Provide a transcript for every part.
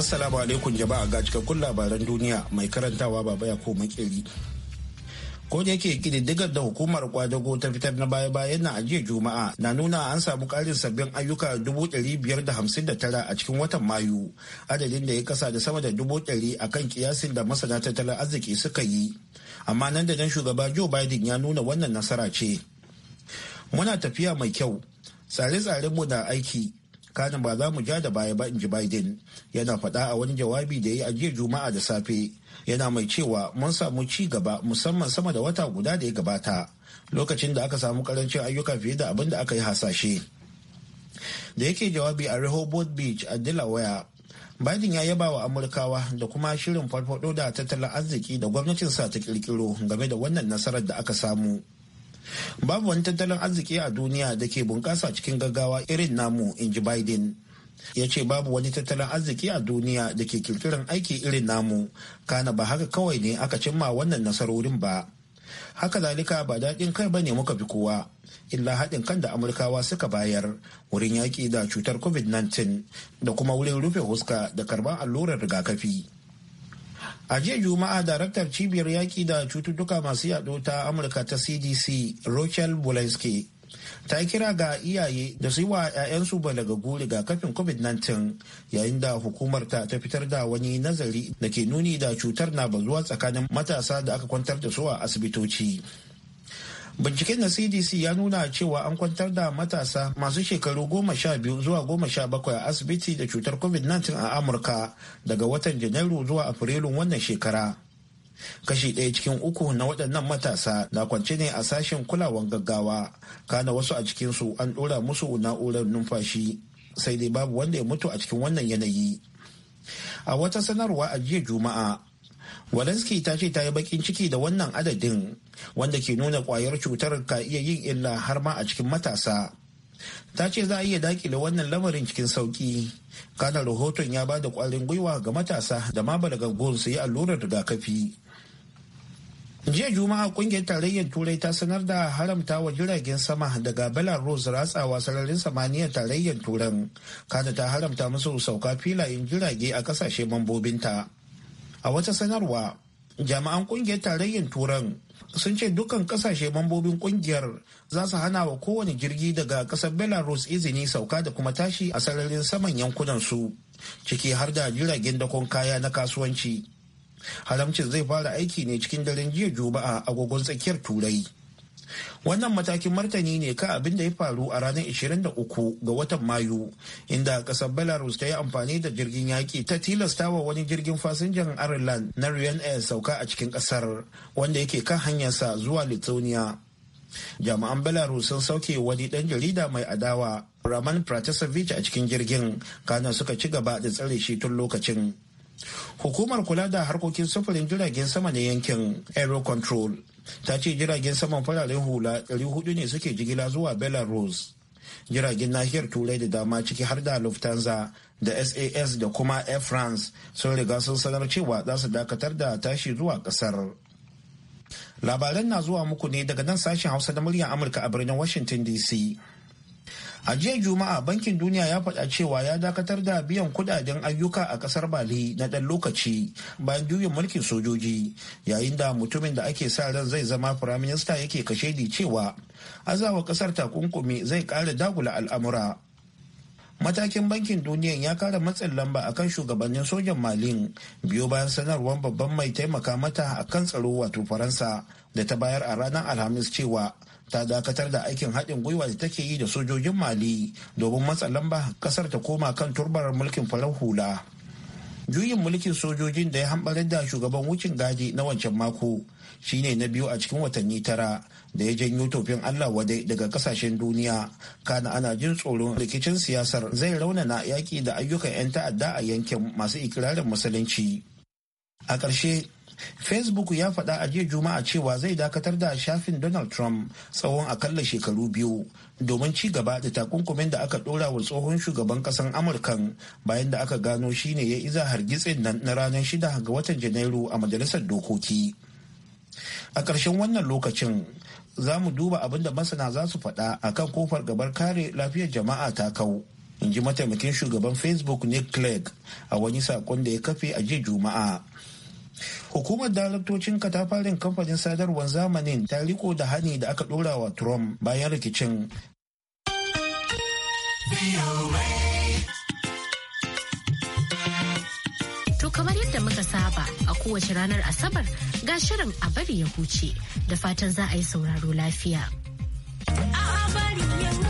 Assalamu alaikum jama'a ga cikakkun labaran duniya mai karantawa baba ya ko kiri. Ko da yake kididdigar da hukumar kwadago ta fitar na baya-bayan na jiya Juma'a na nuna an samu karin sabbin ayyuka ɗari biyar da da hamsin tara a cikin watan Mayu, adadin da ya kasa da sama da ɗari a kan kiyasin da masana tattalin arziki suka yi. Amma nan da nan shugaba Joe Biden ya nuna wannan nasara ce. Muna tafiya mai kyau, tsare-tsarenmu na aiki, kana ba za mu ja da baya ba in ji biden yana faɗa a wani jawabi da ya yi a jiya juma'a da safe yana mai cewa mun samu ci gaba musamman sama da wata guda da ya gabata lokacin da aka samu karancin ayyuka fiye da abin da aka yi hasashe da yake jawabi a rehoboth beach a delaware Biden ya yaba wa Amurkawa da kuma shirin farfado da tattalin arziki da gwamnatin sa ta kirkiro game da wannan nasarar da aka samu. babu wani tattalin arziki a duniya da ke bunƙasa cikin gaggawa irin namu Inji biden ya ce babu wani tattalin arziki a duniya da ke kirkirin aiki irin namu kana ba haka kawai ne aka cimma wannan nasarorin ba haka zalika ba daɗin kai ba ne muka fi kowa illa haɗin kan da amurkawa suka bayar wurin yaƙi da cutar covid-19 da kuma wurin rufe huska da karɓar allurar rigakafi A jiya Juma'a daraktar cibiyar yaƙi da cututtuka masu yaɗo ta Amurka ta CDC Rochelle Bolensky ta yi kira ga iyaye da su yi wa 'ya'yansu balagagu kafin covid-19 yayin da hukumar ta ta fitar da wani nazari da ke nuni da cutar na bazuwa tsakanin matasa da aka kwantar da su a asibitoci. binciken na cdc ya nuna cewa an kwantar da matasa masu shekaru goma sha biyu zuwa goma sha bakwai a asibiti da cutar covid-19 a amurka daga watan janairu zuwa afrilun wannan shekara kashi ɗaya cikin uku na waɗannan matasa na kwance ne a sashen kulawar gaggawa kana wasu a cikinsu an ɗora musu na'urar numfashi sai dai babu wanda ya mutu a cikin wannan yanayi a wata sanarwa a jiya juma'a Walensky ta ce ta yi bakin ciki da wannan adadin wanda ke nuna kwayar cutar ka iya yin illa har ma a cikin matasa. Ta ce za a iya dakile wannan lamarin cikin sauki. kanar rahoton ya ba da kwarin gwiwa ga matasa da ma balagaggun su yi allurar rigakafi. jiya juma'a kungiyar tarayyar turai ta sanar da haramta wa jiragen sama daga belarus ratsawa sararin samaniyar tarayyar turan kana ta haramta musu sauka filayen jirage a kasashe mambobinta a wata sanarwa jami'an kungiyar tarayyar turan sun ce dukkan kasashe mambobin kungiyar za su hana wa kowane jirgi daga kasar belarus izini sauka da kuma tashi a sararin saman yankunan su ciki har da jiragen dakon kaya na kasuwanci haramcin zai fara aiki ne cikin daren jiya juma'a a agogon tsakiyar turai wannan matakin martani ne ka abin da ya faru a ranar 23 ga watan mayu inda kasar belarus ta yi amfani da jirgin yaƙi ta tilastawa wani jirgin fasinjan ireland na air sauka a cikin kasar wanda yake kan hanyarsa zuwa lithuania jami'an belarus sun sauke wani dan jarida mai adawa raman pratasevich a cikin jirgin kana suka ci gaba da tsare shi tun lokacin hukumar kula da harkokin sufurin jiragen sama na yankin control ta ce jiragen saman fararen hula 400 ne suke jigila zuwa belarus jiragen nahiyar turai da dama ciki har da lufthansa da sas da kuma air france sun riga sun sanar cewa za su dakatar da tashi zuwa kasar labaran na zuwa muku ne daga nan sashen hausa da muryar amurka a birnin washington dc a jiya juma'a bankin duniya ya faɗa cewa ya dakatar da biyan kudaden ayyuka a ƙasar bali na ɗan lokaci bayan juyin mulkin sojoji yayin da mutumin da ake sa ran zai zama firaminista yake kashe di cewa azawa ƙasar takunkumi zai ƙara dagula al'amura matakin bankin duniya ya kara matsin lamba akan shugabannin sojan malin biyo bayan sanarwar babban mai taimaka mata akan tsaro wato faransa da ta bayar a ranar alhamis cewa ta dakatar da aikin haɗin gwiwa da take yi da sojojin mali domin matsa lamba kasar ta koma kan turbar mulkin farar hula juyin mulkin sojojin da ya hambarar da shugaban wucin gadi na wancan mako shine na biyu a cikin watanni tara da ya janyo tofin allah wadai daga kasashen duniya kana ana jin tsoron rikicin siyasar zai raunana yaƙi da ayyukan 'yan ta'adda a yankin masu ikirarin musulunci a ƙarshe facebook ya faɗa a jiya juma'a cewa zai dakatar da shafin donald trump tsawon akalla shekaru biyu domin ci gaba da takunkumin da aka ɗora wa tsohon shugaban ƙasan amurkan bayan da aka gano shine ya iza hargitsin nan na ranar shida ga watan janairu a majalisar dokoki a ƙarshen wannan lokacin za mu duba abin da masana za su faɗa akan kofar gabar kare lafiyar jama'a ta kau in ji mataimakin shugaban facebook nick clegg a wani sakon da ya kafe a jiya juma'a Hukumar dalaktocin katafarin kamfanin sadarwar zamanin ta riko da hani da aka dora wa Trump bayan rikicin. To kamar yadda muka saba a kowace ranar Asabar ga shirin a bari ya huce da fatan za a yi sauraro lafiya. A bari ya huce.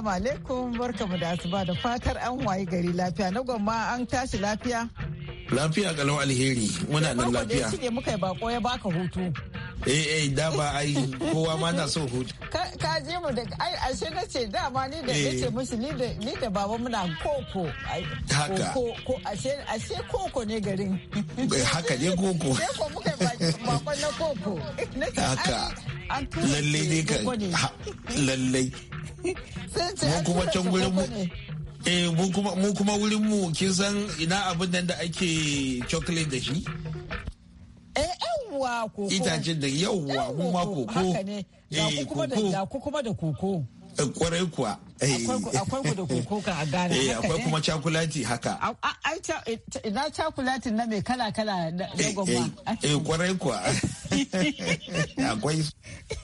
Assalamu alaikum barkamu da asuba da fatar an waye gari lafiya na gwamma an tashi lafiya. Lafiya galau alheri muna nan lafiya. Farko da muka yi bako ya baka hutu. Eh eh dama ai kowa ma na so hutu. Ka je mu da ai ashe na ce dama ni da nace eh. musu ni da ni da baba muna koko. Haka. Ko ashe ashe koko ne garin. Eh, haka ne koko. Sai ko muka yi bako na koko. Haka. Lallai ne ka lallai. mu kuma can gurin mu eh mu kuma wurin mu kin san ina abin nan da ake chocolate da shi eh yawwa koko itacen da yawwa mu ma koko eh koko kuma da koko eh, kwarai kuwa eh. akwai ku da koko ka a gane eh akwai kuma chocolate haka ai eh, ina chocolate na mai kala kala na gwamma eh kwarai kuwa akwai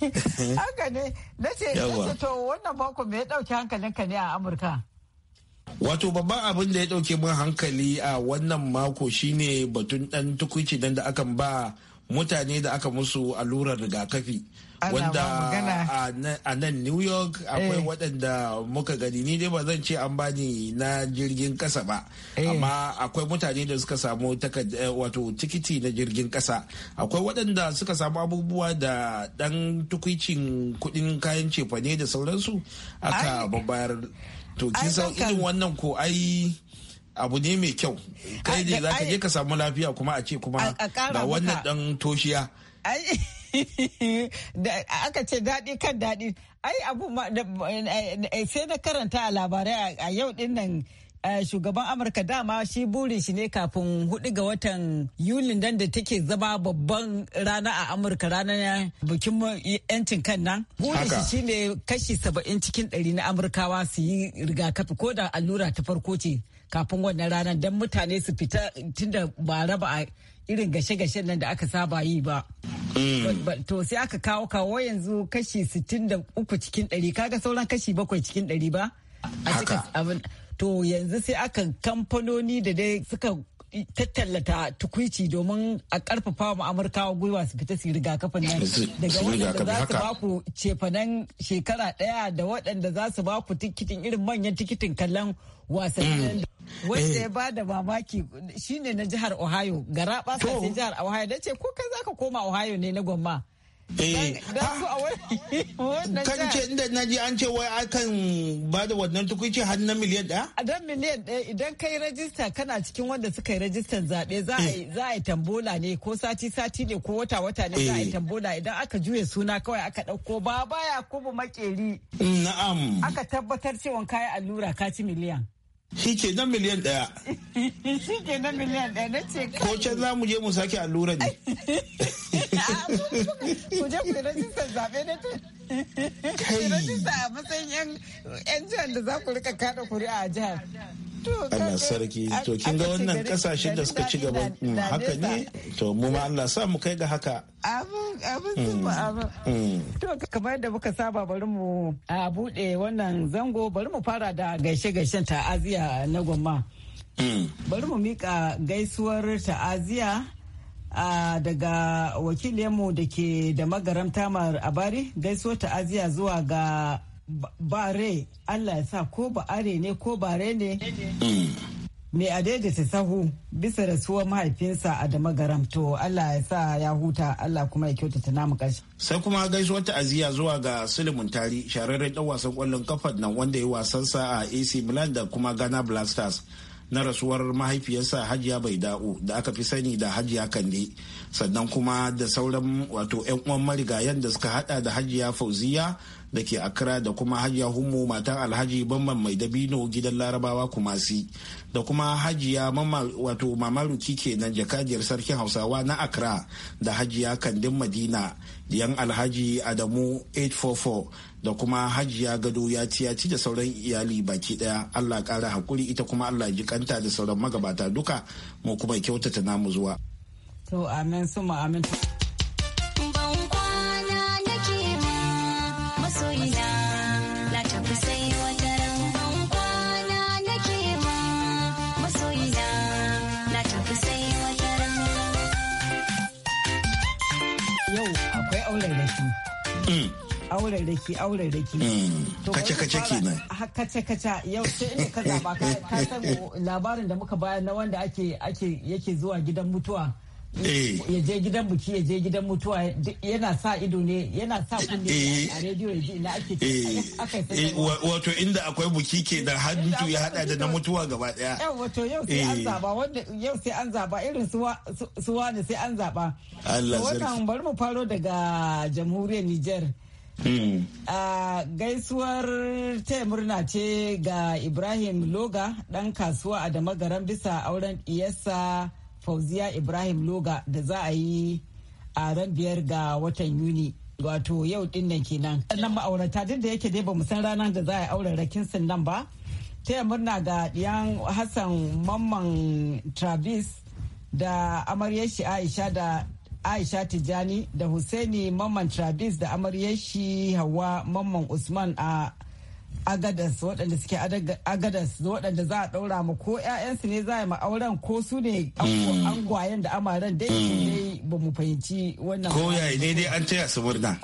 haka ne na ce to wannan mako me ya dauke ka ne a amurka Wato babban abin da ya dauke min hankali a wannan mako shine batun dan tukuci dan da akan ba mutane da aka musu allurar rigakafi wanda a nan new york akwai eh. waɗanda muka gani ni dai ba zan ce an bani na jirgin kasa ba eh. amma akwai mutane da suka samu eh, wato tikiti na jirgin kasa akwai waɗanda suka samu abubuwa da ɗan tukwicin kuɗin kayan cefane da sauransu aka babbayar to kin san irin wannan ko ai abu ne mai kyau kai ne za je ka samu lafiya kuma a ce kuma da wannan dan toshiya aka ce daɗi kan daɗi ai abu eh, eh, sai na karanta a labarai a yau dinnan nan eh, shugaban amurka dama shi burin shi ne kafin hudu ga watan yulin nan da take zama babban rana a amurka ranar bikin yancin kan nan burin shi shine kashi saba'in cikin ɗari na amurkawa su yi rigakafi ko da allura ta farko ce kafin wannan ranar don mutane su fita tunda ba raba irin gashe-gashen nan da aka saba yi ba. Mm. To sai aka kawo kawo yanzu kashi 63 cikin 100 kaga sauran kashi 7 cikin 100 ba? A To yanzu sai akan kamfanoni da dai suka tattallata tukwici domin a karfafa mu amurkawa gwiwa su fita su rigakafin nan daga wanda za su ba ku cefanen shekara daya da waɗanda za su ba ku tikitin irin manyan tikitin kallon wasannin mm. wanda eh. ya ba da mamaki shine na jihar ohio garaba sai jihar ohio da ce ko kai zaka koma ohio ne na gwamma Eh. kan ce inda na ji an ce wai akan ba da wannan tukunci har na miliyan ɗaya? A don miliyan ɗaya idan ka yi rajista kana cikin wanda suka yi rajistan zaɓe za a yi eh. tambola ne ko sati-sati ne ko wata-wata ne za a yi eh. tambola idan aka juya suna kawai aka ɗauko ba baya kuma makeri. Na'am. Aka tabbatar cewa ka yi allura ka ci miliyan. Shi ke nan miliyan ɗaya. Shi ke nan miliyan ɗaya na ce Ko can za mu je mu sake allura ne. ku ku zaɓe na ta rajista a matsayin 'yan jihar da za ku rika kada kuri'a a jihar Allah sarki to kin ga wannan kasashen da suka ci gaba mm, haka ne to mu ma Allah sa mu kai ga haka mm. mm. to kamar da muka saba bari mu a bude wannan zango bari mu fara da gaishe gaishen ta'aziya na gwamma bari mu mika gaisuwar ta'aziya Uh, daga wakilinmu da ke da magaram a bari gaisuwa ta'aziyya zuwa ga bare Allah ya sa ko ba'are ne ko bare ne mai adaidaita sahu bisa rasuwar mahaifinsa a da magaram to Allah ya sa ya huta Allah kuma ya kyauta kyautata namu kashi. Sai kuma gaisuwar ta'aziyya zuwa ga sulimin Tari shararren dan wasan kwallon kafa nan wanda ya wasansa a AC Milan da kuma Ghana Blasters na rasuwar mahaifiyarsa hajiya bai da'u da aka fi sani da hajiya kande sannan kuma da sauran wato 'yan uwan marigayen da suka hada da hajiya fauziya da ke Accra da kuma Hajiya humo matan Alhaji Bamman Mai Dabino gidan Larabawa Kumasi da kuma Hajiya Mamma wato Mama Ruki kenan jakadiyar sarkin Hausawa na Accra da Hajiya Kandin Madina yan Alhaji Adamu 844 da kuma Hajiya Gado ya ci da sauran iyali baki daya Allah kara hakuri ita kuma Allah jikanta da sauran magabata duka mu kuma kyautata namu zuwa. To amen auren raki auren hmm, raki kace kace kenan kace kace yau sai ne ka zaba ka san labarin da muka bayar na wanda ake ake yake zuwa gidan mutuwa eh. ya je gidan buki ya je gidan mutuwa yana sa ido ne yana sa kunne eh. a rediyo ya ji ina ake ce eh. wato inda akwai buki ke da hannu ya hada da na mutuwa gaba daya yau wato yau sai an zaba wanda yau sai an zaba irin suwa ne sai an zaba Allah sarki wannan bari mu faro daga jamhuriyar Niger gaisuwar taya murna ce ga Ibrahim Loga ɗan kasuwa a dama garan bisa auren ɗiyarsa Fauziya Ibrahim Loga da za a yi a ran biyar ga watan Yuni. Wato yau ɗin nan kenan. Sannan ma'aurata duk da yake dai ba mu san ranar da za a yi auren rakin nan ba. Taya murna ga ɗiyan Hassan Mamman Travis da amaryar shi Aisha da aisha tijani da husaini mamman travis da amaryar shi hawa mamman usman a agadas waɗanda suke agadas waɗanda za a ɗaura ma ko 'ya'yansu ne za a yi auren ko su ne mm. angwayen da amaren dai ne mm. ba mu fahimci wannan ko ya ne dai an taya su murna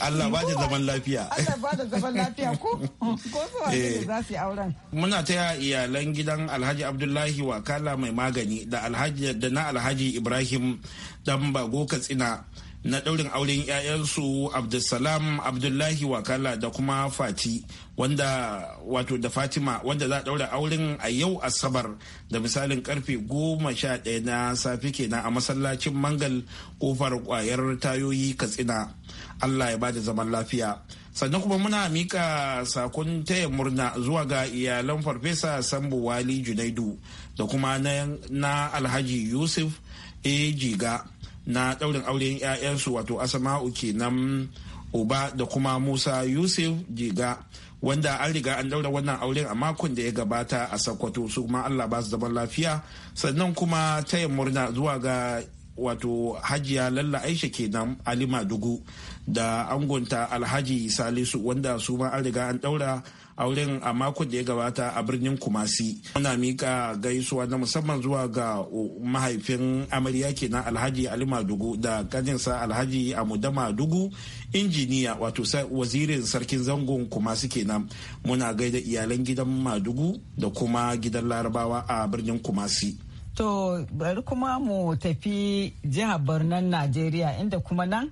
Allah ba da zaman lafiya Allah ba da zaman lafiya ko ko su ne eh. za su yi auren muna taya iyalan gidan Alhaji Abdullahi Wakala mai magani da Alhaji da na Alhaji Ibrahim dan Bago Katsina na ɗaurin auren 'ya'yansu abdulsalam abdullahi wakala da kuma fati wanda wato da fatima wanda za a ɗaura auren a yau asabar da misalin karfe goma sha ɗaya na safe kenan a masallacin mangal kofar kwayar tayoyi katsina allah ya ba da zaman lafiya sannan kuma muna mika sakon taya murna zuwa ga iyalan farfesa sambu wali junaidu da kuma na alhaji yusuf ejiga na ɗaurin auren 'ya'yansu wato asama'u kenan uba da kuma musa yusuf jiga wanda an riga an daura wannan auren a makon da ya gabata a sokoto su kuma allah ba su zaman lafiya sannan kuma taya murna zuwa ga wato hajiya lalla aisha kenan ali madugu da angonta alhaji salisu wanda su ma an riga an daura auren a makon da ya gabata a birnin kumasi muna mika gaisuwa na musamman zuwa ga mahaifin amarya kenan alhaji ali madugu da ganinsa alhaji amuda madugu injiniya wato wazirin sarkin zangon kumasi kenan muna gaida iyalan gidan madugu da kuma gidan larabawa a birnin kumasi To bari kuma mu tafi jihar Birnin Najeriya inda kuma nan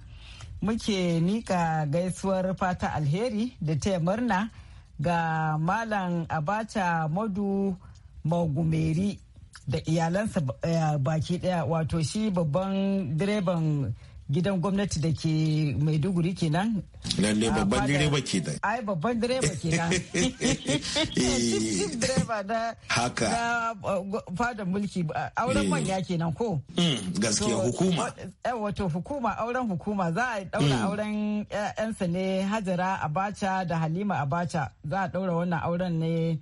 muke nika gaisuwar fata alheri da taya murna ga Malam Abacha Madu Magumeri da iyalansa eh, baki daya wato shi babban direban gidan gwamnati da ke maiduguri kenan ne babban direba ke nan ai babban direba ke nan eh. direba na haka uh, fadar mulki uh, auren hmm. manya kenan ko hmm, gaskiya hukuma eh, wato hukuma auren hukuma za a daura hmm. auren yansa eh, ne hajara abacha da halima abacha za a daura wannan auren ne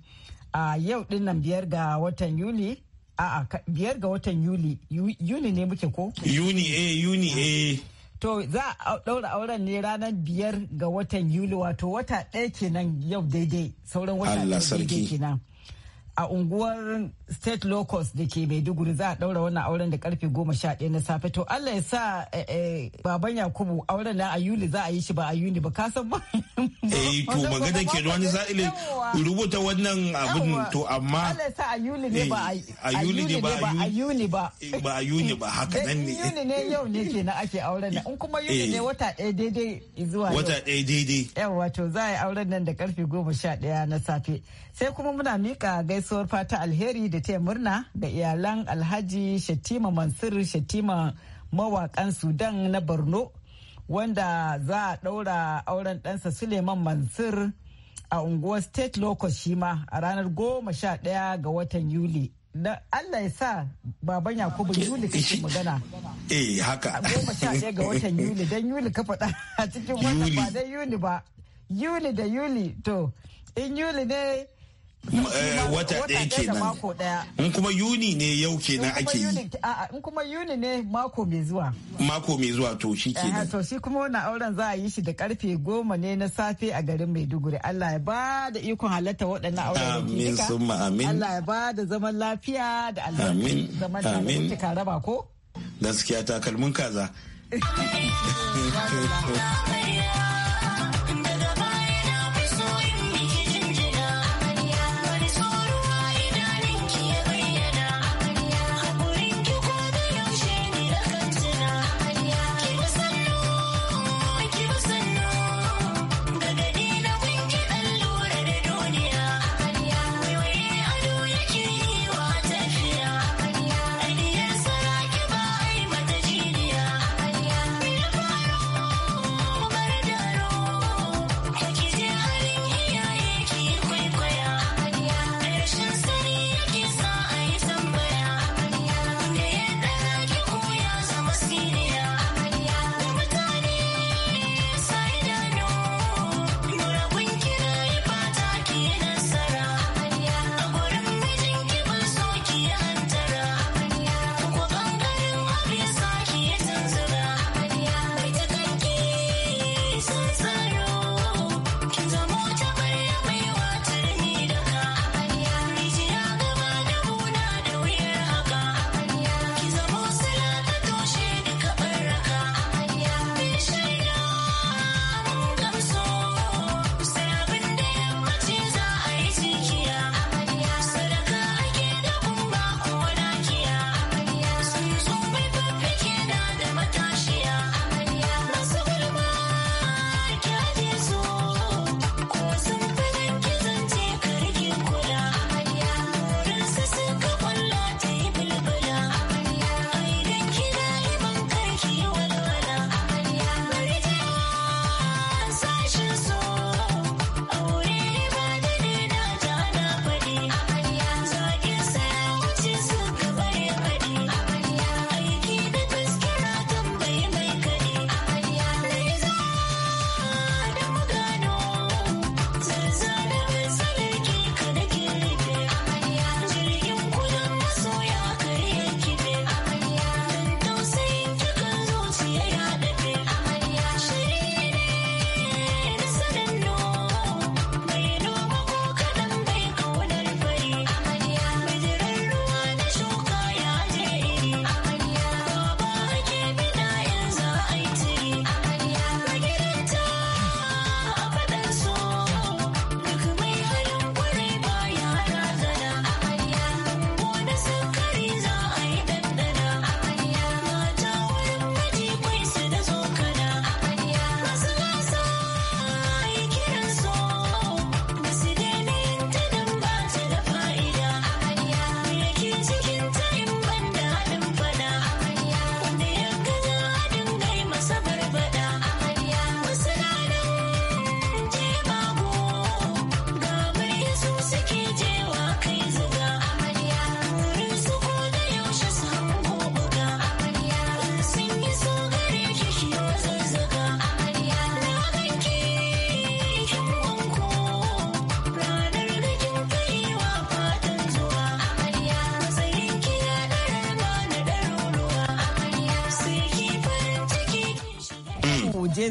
a uh, yau dinnan biyar ga watan yuli A'a biyar ga watan Yuli, Yuni ne muke ko? Yuni eh, Yuni ah. eh. To za a ɗaura auren ne ranar biyar ga watan Yuli wato wata ɗaya kenan yau daidai sauran wata ɗaya kenan. a unguwar state locals da ke maiduguri za a daura wannan auren da karfe goma sha ɗaya na safe to allah ya sa eh, eh, baban yakubu auren na a yuli za a yi shi ba a yuni ba kasan ba eh to magana ke wani za'ile rubuta wannan abin to amma allah ya sa a yuli ne ba a eh, yuli ne ba a yuni ba ba a yuni ba haka nan ne yuni ne yau ne kenan ake auren na. in kuma yuni ne wata ɗaya daidai zuwa wata ɗaya daidai yawa to za a yi auren nan da karfe goma sha ɗaya na safe sai kuma muna mika gaisuwa gaisuwar fata alheri da taya murna da iyalan alhaji shatima mansur shatima mawakan sudan na borno wanda za a daura auren ɗansa suleiman mansur a unguwar state local shi ma a ranar goma sha ɗaya ga watan yuli da allah ya sa baban yakubu yuli kake magana eh haka goma sha ɗaya ga watan yuli don yuli ka faɗa a cikin wannan ba don yuli ba yuli da yuli to in yuli ne Eh, wata ɗaya kenan in kuma yuni ne yau kenan ake yi in kuma yuni ne mako mai zuwa mako mai zuwa to shi kenan to shi kuma wannan auren za a yi shi da karfe goma ne na safe a garin maiduguri allah ya ba da ikon halatta waɗannan auren amin summa amin allah ya ba da zaman lafiya da allah albarka zaman da raba ko gaskiya takalmin kaza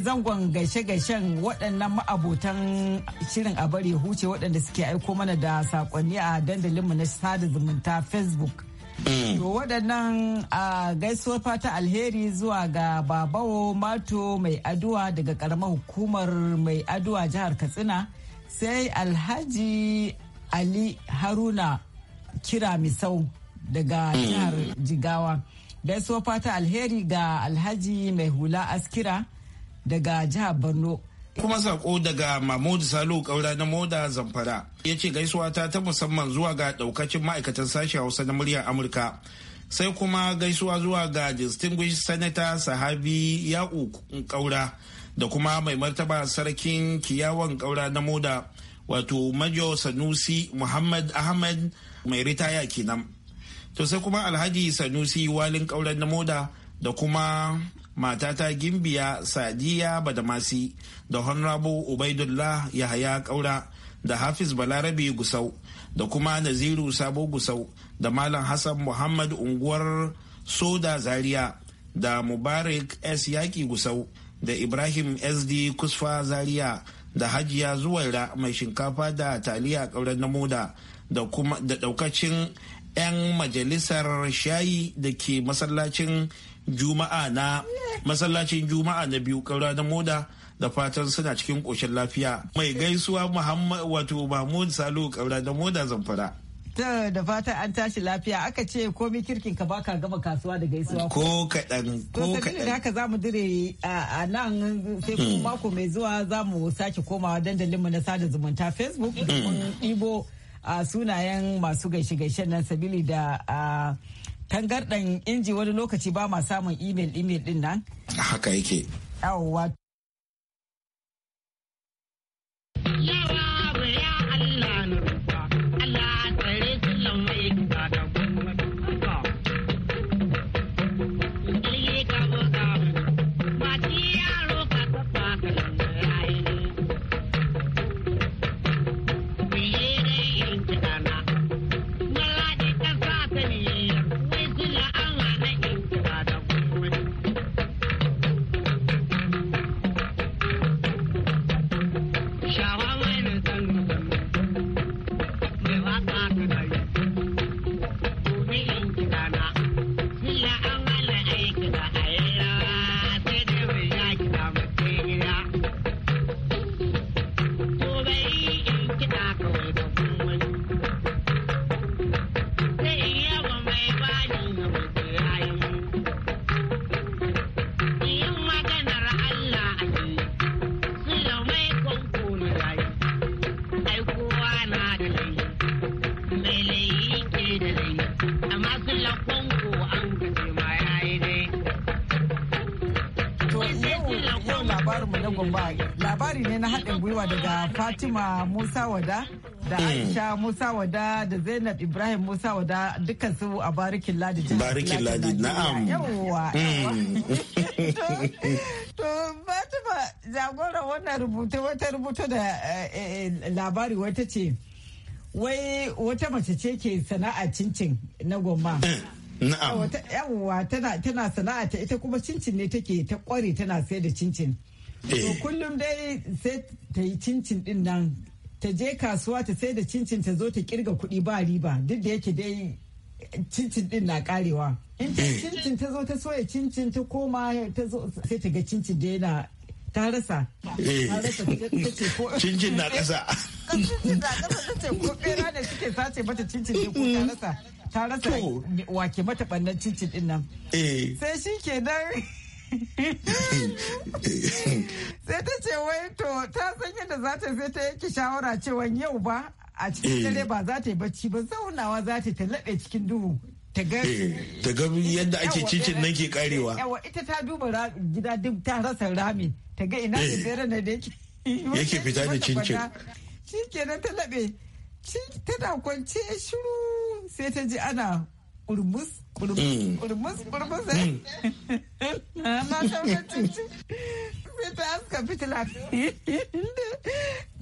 zangon gaishe-gaishen waɗannan ma'abotan shirin a bari huce waɗanda suke aiko mana da saƙonni a dandalinmu na sada zumunta facebook mm. To waɗannan a gaisuwar fata alheri zuwa ga babawo mato mai aduwa daga ƙaramar hukumar mai aduwa jihar katsina sai alhaji ali haruna kira misau daga mm. jihar jigawa gaisuwar fata alheri ga alhaji mai hula askira daga jihar Borno. Kuma sako daga Mahmud Salu Kaura na Moda Zamfara ya ce gaisuwa ta ta musamman zuwa ga daukacin ma'aikatan sashen Hausa na muryar Amurka. Sai kuma gaisuwa zuwa ga Distinguished Senator Sahabi Ya'u Kaura da kuma mai martaba sarkin kiyawan Kaura na Moda wato Majo Sanusi Muhammad ahmed mai ritaya kenan. To sai kuma Alhaji Sanusi Walin Kauran na Moda da kuma matata gimbiya sadiya badamasi da honrabo ubaidullah yahaya kaura da hafiz balarabe gusau da kuma naziru sabo gusau da malam hassan muhammad unguwar soda zaria da mubarak s yaki gusau da ibrahim sd kusfa zaria da hajiya zuwaira mai shinkafa da taliya kauran na moda da kuma da daukacin 'yan majalisar shayi da ke masallacin juma'a na masallacin juma'a na biyu kaura na moda da fatan suna cikin ƙoshin lafiya mai gaisuwa muhammad wato mahmud salu kaura na moda zamfara da fatan an tashi lafiya aka ce komi kirkin ka baka gama kasuwa da gaisuwa ko kaɗan ko kaɗan da haka zamu dire a nan sai kuma hmm. mako mai zuwa zamu sake komawa dandalin mu na sada zumunta facebook mun hmm. ibo sunayen masu gaishe-gaishen nan sabili da tangardan inji wani lokaci ba ma samun imel imel din nan haka yake yawwa na Gombe. Labari ne na haɗin gwiwa daga Fatima Musa Wada da hmm. Aisha Musa Wada da Zainab Ibrahim Musa Wada dukkan su a Barikin Ladi. Barikin Ladi na'am. Yawwa. Hmm. To Fatima jagora wannan rubutu wata rubutu da eh, eh, eh, labari wata ce wai wata mace ce ke sana'a cincin na Gombe. Na'am. Yawwa tana sana'a ta ita kuma cincin ne take ta kware tana sai da cincin. Eh. kullum dai sai ta yi cincin din nan ta je kasuwa ta sai da cincin ta zo ta kirga kuɗi ba riba duk da yake dai cincin din na karewa in ta eh. cincin ta zo ta soya cincin ta koma ta zo sai ta ga cincin da yana ta rasa eh. cincin na ƙasa cincin na ƙasa ta ko bera da suke sace mata cincin ne ko ta rasa ta rasa wake mata ɓannan cincin din nan sai shi ke nan sai ta ce wai to ta san yadda za ta sai ta yanke shawara cewa yau ba a cikin dare ba za ta yi bacci ba zaunawa za ta ta laɓe cikin duhu ta ga eh, yadda ake cincin nan ke karewa yawa ita ta duba gida duk ta rasa rami ta ga ina eh. da bere na da yake fita da cincin shi kenan ta laɓe tana kwance shiru sai ta ji ana kurmus kurmus mm. kurmus kurmus eh? mm. sai ta haska fitila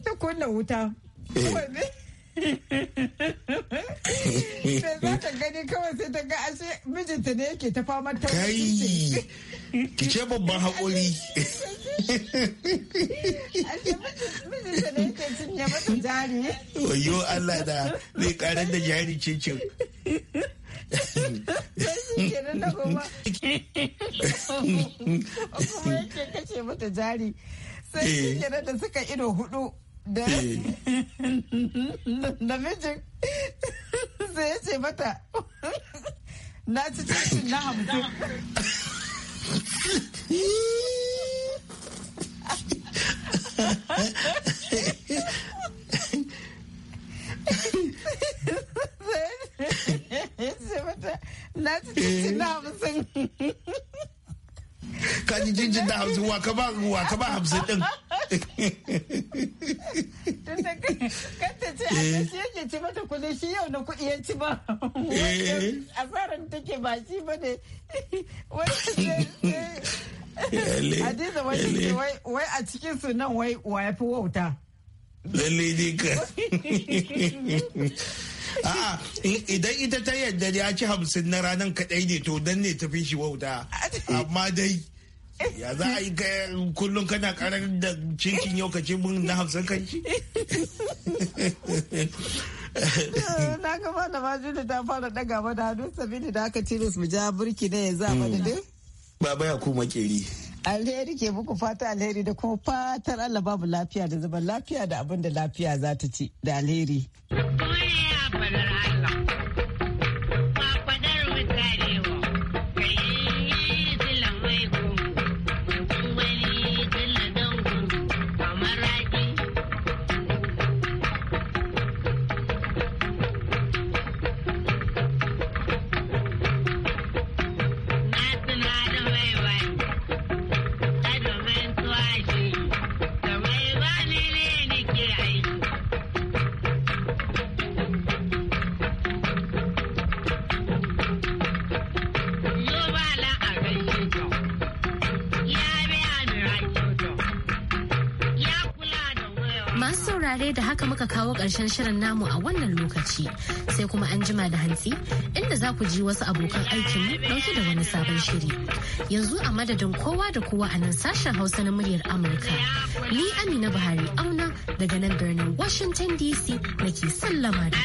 ta kunna wuta eh. sai za ta gani kawai sai ta ga ashe mijinta ne yake ta fama ta kai ki ce babban haƙuri mijinta ne cinye wayo Allah da zai da jari cincin kuma yake mata jari sai shi kenan da suka ido hudu da namijin sai ya ce mata na ci cikin na hamsin na ci hamsin ka ji jinjin da hamsin wa ka ba wa ka ba hamsin din kanta ce a shi yake ci mata kuɗi shi yau na kuɗi ya ci ba asarar take ba shi ba ne Hadiza wai a cikin su nan wai wa ya fi wauta. Lalle ne ka. a'a idan ita ta yadda ya ci hamsin na ranar kaɗai ne to don ne tafi shi wauta amma dai ya za a yi kullum kana karar da cikin yau ka mun na hamsin kan eh, na gaba da majina ta fara daga mana hannu sabini da aka tilas mu ja burki na yanzu a hmm. dai. Baba ya kuma makeri. Alheri ke muku fata alheri da kuma fatar Allah babu lafiya da zaman lafiya da abin da lafiya za ta ci da alheri. Allah. muka kawo ƙarshen shirin namu a wannan lokaci sai kuma an jima da hantsi inda za ku ji wasu abokan aikinmu ɗauke da wani sabon shiri. Yanzu a madadin kowa da kowa a nan sashen Hausa na muryar Amurka. Ni Amina Buhari auna daga nan birnin Washington DC nake sallama da.